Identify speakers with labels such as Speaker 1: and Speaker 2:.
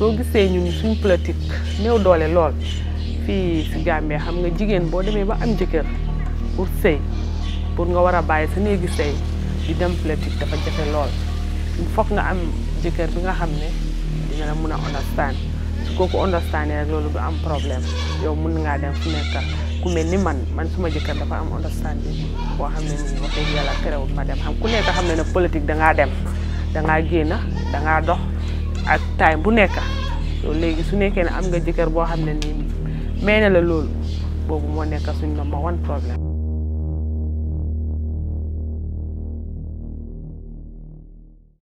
Speaker 1: soo gisee ñun suñ politique néew doole lool fii si Gambie xam nga jigéen boo demee ba am jëkkër pour sëy pour nga war a bàyyi sa néegi sëy di dem politique dafa jafe lool il faut am jëkkër bi nga xam ne dina mun a understand su kooku understand rek loolu du am problème yow mun ngaa dem fu nekk ku mel ni man man suma jëkkër dafa am understand bi boo xam ne nii wax dëgg yàlla terewul ma dem xam ku nekk xam ne ne politique dangaa dem dangaa génn dangaa dox ak time bu nekk yow léegi su nekkee ne am nga jëkkër boo xam ne nii may ne la lool boobu moo nekk suñ number wan problème